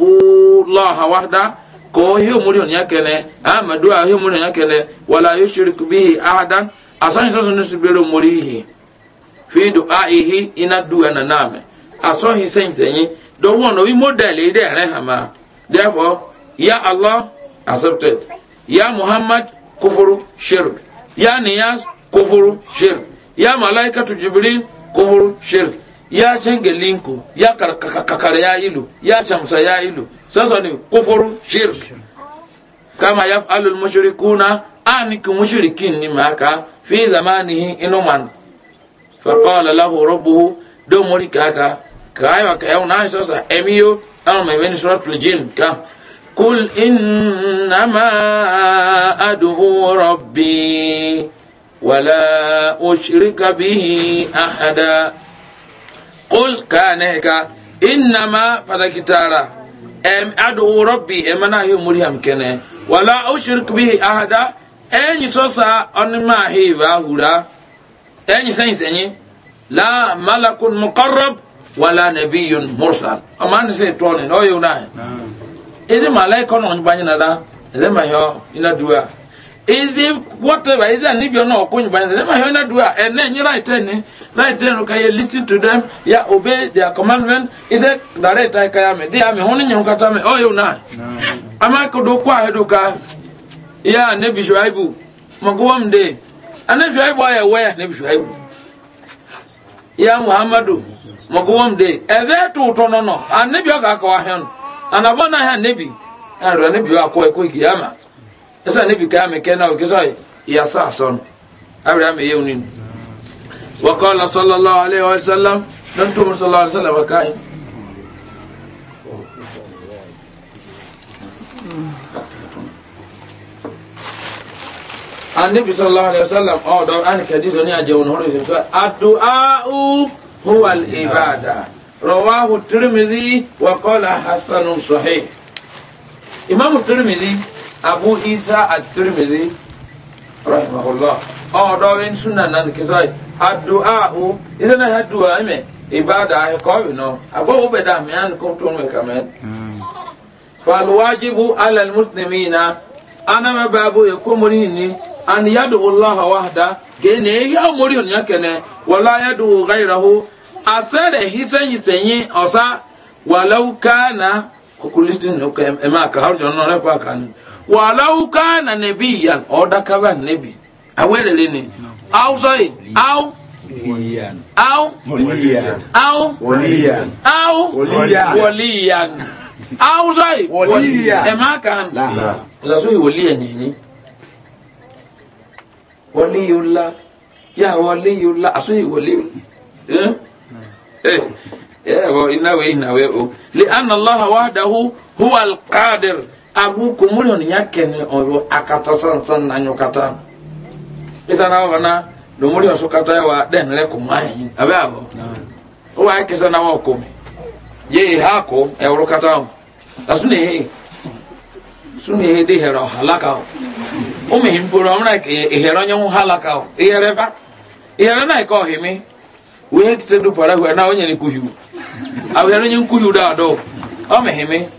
allah wahda ko he muri on nya kene ama do he muri on nya kene wala yushriku bihi ahadan asan so so nisbelo muri hi fi du'aihi ina du'a na name aso hi sen sen do won no wi model ide re hama therefore ya allah accepted ya muhammad kufuru shirk ya niyas kufuru shirk ya malaikatu jibril kufuru shirk ya chenge linku ya kakakare ya ilu ya shamsa ya ilu sasa ni kufuru shirk kama yafalul mushrikuna aniki mushrikin ni maka fi zamanihi inuman faqala lahu rabbuhu do mori kaka kaiwa kayauna sasa emiyo ama mebeni suratul jin kam قل إنما أدعو ربي ولا أشرك به أحدا قل كانك إنما فلكتارا أم أدعو ربي أم أنا هي مريم كنه ولا أشرك به أحدا أني سوسا أن ما هي باهورا أني سني سني لا ملك مقرب ولا نبي مرسل أما نسي توني نو يوناي إذا ملاك كنون بانينا لا إذا ما هي إلى دوا izi whatever izi and if you're not okuny by them I hear do and then you write any eh? write any okay listen to them ya obey their commandment is it direct I can me they am honi kata me oh you na ama ko do kwa ya ne bi shuaibu magwa mde ana shuaibu ya we ne bi shuaibu ya muhammadu magwa to no no o ka ha nebi nebi akwa ko ɛsɛ ne bi kaa mi kɛ na o kisɛ yasa asɔn abiri ama eyewu ni wakɔla sɔlɔlɔ alayhi wa sallam nantum sɔlɔlɔ alayhi wa sallam akai. anabi sallallahu alayhi wa sallam ọdọ anikadi sọ ní àjẹwò ní ọdún ìṣẹ̀fẹ́ adu'a'u huwa al-ibada rawahu tirimidi wa qala hasanun sahih imaamu abu isa at-tirmidhi rahimahullah do kisai addu'a me ko me an me ala al-muslimina ana ma babu yakumuni an allah wahda gene ya on yakene walau kana nabiyan oda oh, kaba nabi awelele ni au sai au au waliyan au waliyan au waliyan au sai waliyan emakan la uzasui waliyan nyinyi waliyullah ya waliyullah asui waliyu eh eh eh inawe inawe li anna allah wahdahu huwa al qadir abu kumuri on nyakene oyo akata san san na nyokata isa na wana lumuri on sukata wa den le kumahi abe abo wa kisa na wa kumi ye hako e urukata asuni he sune he de hero halaka o me himpuro amra ke hero nyu halaka o here ba here na ko himi we tete du para hwe na onye ni kuhiu awero nyu kuhiu da do o me himi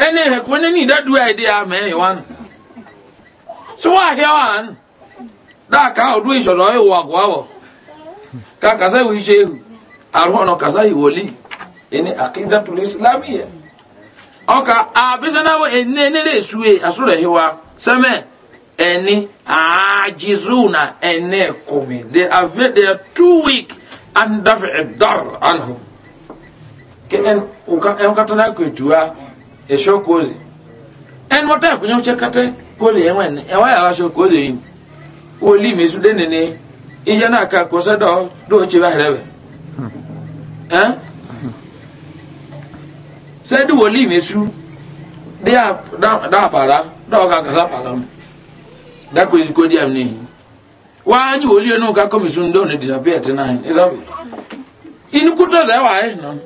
ɛne hɛkuma ne ni dadu a yɛde ama ɛyɛ wa no so wahia wa ano daa kaa ɔyɛ wɔ agoa wɔ ka kasa wo ihyɛ ehu no kasa yi wɔli ɛne akida yɛ ɔka abisa na ne de esue asoro ɛhiwa sɛmɛ ɛne na ɛne kɔmi de de andafe anho kɛ ɛn eshoku ozi en mota yakunya uchekate kole yemwene ewaya abashoku ozi yini olimi nene ije naka kosa do do nche bahrebe eh said olimi esu dia da da para do ka ka para da ko iziko dia mne wa anyi oli enu ka komisu ndo ne disappear tonight izabi inukuto da wa eh no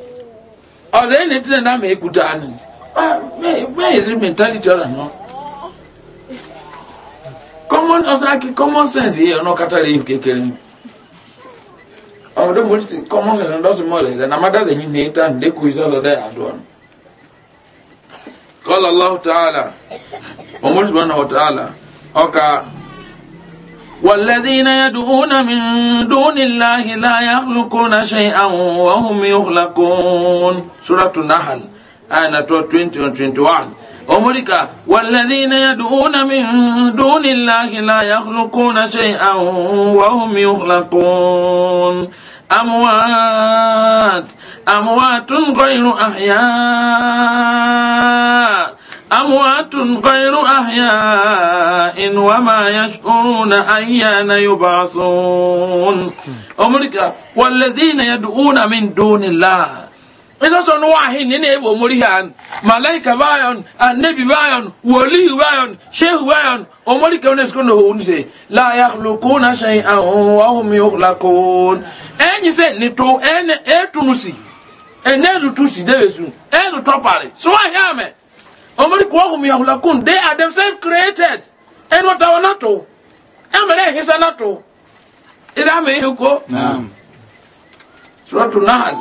ọ̀rẹ́ ní tí nà má ekuta ni. Uh, where, is the mentality all no? Common osaki common sense here no katale if kekere. Although most common sense and doesn't more than a matter you need and they could all there at one. قال الله تعالى ومن سبحانه وتعالى أوكا والذين يدعون من دون الله لا يخلقون شيئا وهم يخلقون سورة النحل aya to 20 on 21 omulika walladhina yad'una min duni llahi la yakhluquna shay'an wa hum yukhlaqun amwat amwatun ghayru ahya أموات غير أحياء وما يشعرون أيان يبعثون أمريكا والذين يدعون من دون الله nsoso no wahe ne na ewo muri han malaika bayon annabi bayon wali bayon shehu bayon omori ke ones kono ho unse la yakhluquna shay'an wa hum yukhlaqun enyi se ni to ene etunusi ene rutusi dewesu ene topare so ahame omori ko hum yukhlaqun they are themselves created and what are not to emere hisa not to ida me yuko naam suratul nahl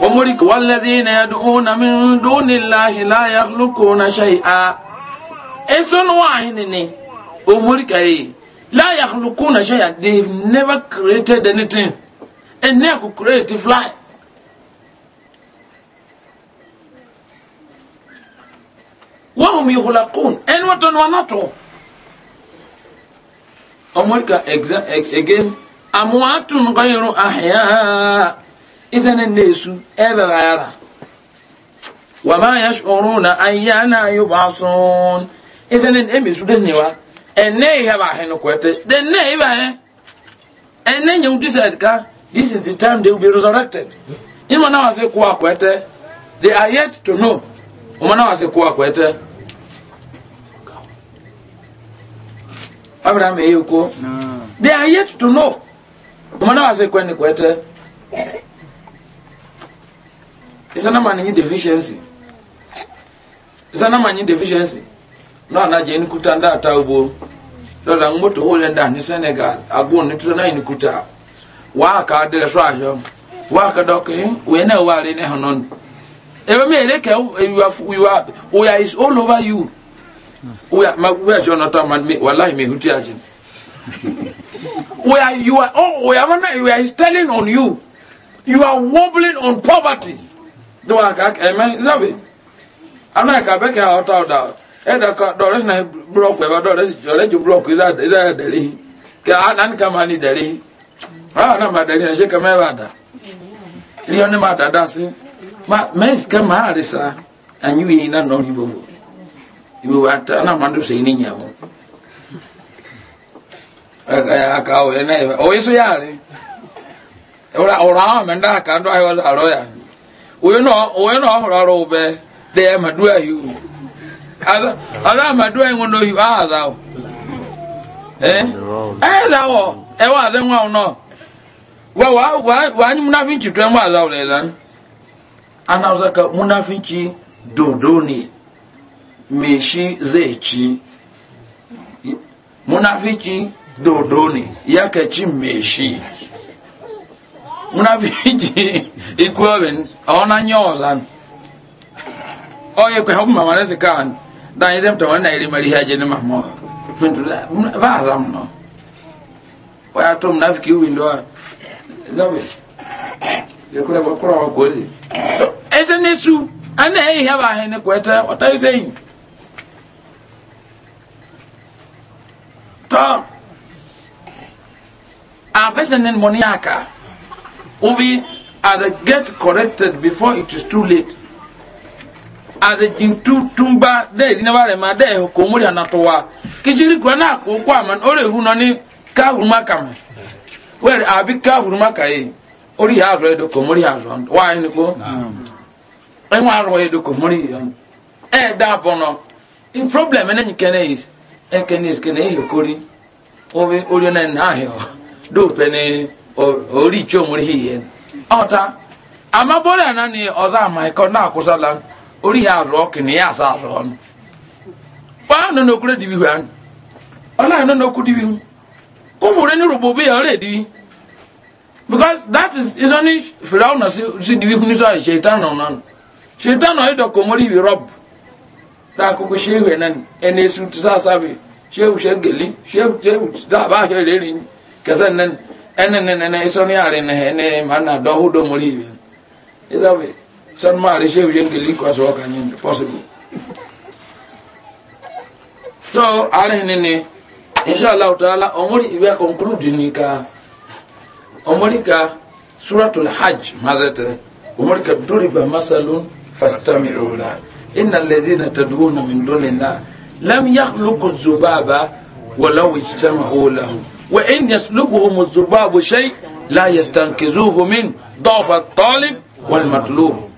ومرك والذين يدعون من دون الله لا يخلقون شيئا إنسان واحد ومرك أي لا يخلقون شيئا they've never created anything and they could create a fly وهم يخلقون and what on one أمريكا again أموات غير أحياء izana nesu ebe bayara wa ma yash'uruna ayyana yub'asun izana emesu de newa ene ihe ba hinu kwete de ne iba he ene nyu decide ka this is the time they will be resurrected in mana wase kuwa kwete they are yet to know umana wase kuwa kwete abraham eyoko they are yet to know umana wase kwene kwete isa na manyi deficiency isa na manyi deficiency No na je nikuta nda ta ubo lola ngoto hole nda ni senegal Agun ni tuna ni kuta wa ka de so wa ka doke we na wa re ne honon ebe me re ke you are you are we are is all over you we are ma we are jonathan man me wallahi me huti ajin we are you are oh we are, we are telling on you you are wobbling on poverty do wa ka ka men zabe ana ka be ka ota oda e da ka do res na block we ba do res jo le ju block ida ida deli ka anan ka mani deli ha na ma deli na e she ka me ba da ri on ma da da si ma mes ka ma arisa anyu yi na no ni bobo ibo wa ta na ma do se ni nya ho aka o ene o isu e ya ri ora ora ma nda ka ndo ayo la roya ni onye na ọhụrụ ọrụ ube dị ya madua iwu ala madua iwu n'ohi ọ ha zawo eh eh zawo ewa adị nwa ụnọ wa wa wa anyị munafi nchi tụrụ nwa zawo lela anawụza ka munafi nchi dodo ne meshi zai ci munafi nchi dodo ne ya ka ci meshi munafiji ikuoben ona nyosan oye kwa hubu mama nasi kan dan idem to wana ili mali haje ni mahmo mintu da vaza mno waya to munafiki huyu ndo zabe yakura bakura wa gozi so ese nesu ana ei haba hene kweta otayi sein to a pesa nen moniaka ubi and get corrected before it is too late and jintu tumba de dinaba re ma de ko muri anatowa kijiri ko na ko kwa man ore hu no ni ka huruma kam where abi ka huruma kai ori ha ro edo ko muri ha ro wa ni ko ai wa ro do ko muri e da bono in problem eh, ne kene is e kene is kene e kori obi ori na na he do pe ne ori ichie omori ha ihe ọta amabori ana ni ọzọ ama ịkọ na-akwụsala ori ya azụ ọkụ na ya asa azụ ọnụ Kwa nọ n'okwu redibi hụ anụ ọla nọ n'okwu dibi m kụfụrụ ndị rụbụ obi ya ọrịa edibi because that is is only firawo na si si dibi hụ n'isi ọrịa shetan nọ n'ọnụ shetan nọ ịdọ ka omori ibi rọb na akụkụ shehu enan enesu tụsa asabi shehu shegeli shehu shehu daba ahịa eri kesa nnenu ene ne ne ne son yare ne ne mana do hu do muri bi ida be son ma re she ujen ngili ko so ka nyin possible so ari ne ne inshallah taala omuri ibe conclude ni ka omuri ka suratul hajj madate omuri ka duriba masalun fastamiru la innal ladhina tad'una min dunillah lam yakhluqu dhubaba ولو اجتمعوا له وإن يسلكهم الذباب شيء لا يستنقذوه من ضعف الطالب والمطلوب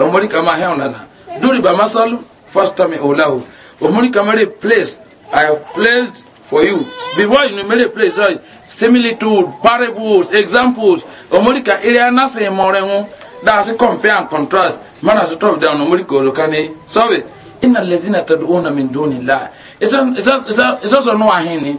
أمري كما هنا ضرب مثل فاستمعوا له أمري كما place I have placed for you before you made a place right similitude parables examples أمري كإلى ناس يمرون that's a compare and contrast man has to down أمري كولكاني sorry إن الذين تدعون من دون الله إذا إذا إذا إذا إذا إذا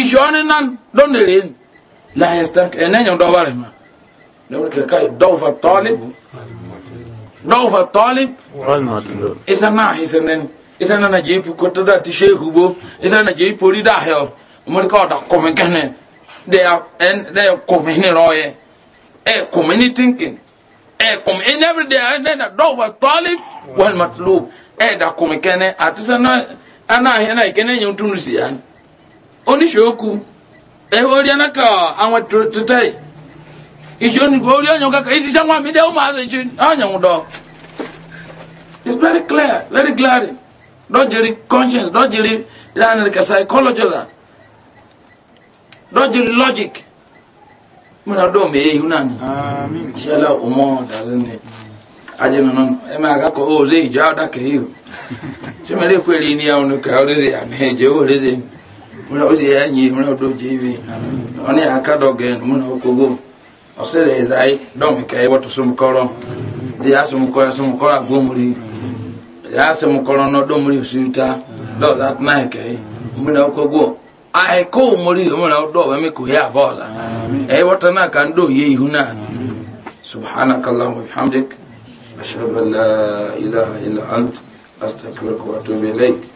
ishoni nan don ne ren la yastak enenyo do bare ma do ke kai do fa talib do fa talib wal matlub isana hisanen isana na jepu ko to da ti shehu bo isana na jepu ri da heo mo ka da ko me kene they are and they are coming in roye e community thinking e come in every day and then do fa talib wal matlub e da ko me kene atisana ana hena kene nyu tunusi yani oníṣòókù ẹ̀họ́ orí ẹ̀nàkà àwọn tètè isi orí ọ̀yàn kàkà ìṣiṣẹ́ wọn mi dẹ́ ó máa ṣe ọ̀yàn dọ̀ it's very clear very glaring dọ́jìrì conscience dọ́jìrì jiri psychological dọ́jìrì logic múna dọ́ mi èyí náà ni ṣẹlẹ̀ ọmọ dàzínì ajínú ẹ máa kàkọ́ ó ṣe ìjọ àdàkẹ́ yìí ṣé mi lè pè muna osi ya nyi muna jivi. jibi oni aka do gen muna okogo osere dai do mi kai wato sum koro ya sum koro sum koro agomuri ya sum koro no do muri usuta do that na kai muna okogo ai ko muri muna odo ba mi ku ya bola ai wato na kan do ye ihuna subhanakallah wa bihamdik ashhadu an ilaha illa ant astaghfiruka wa atubu ilaik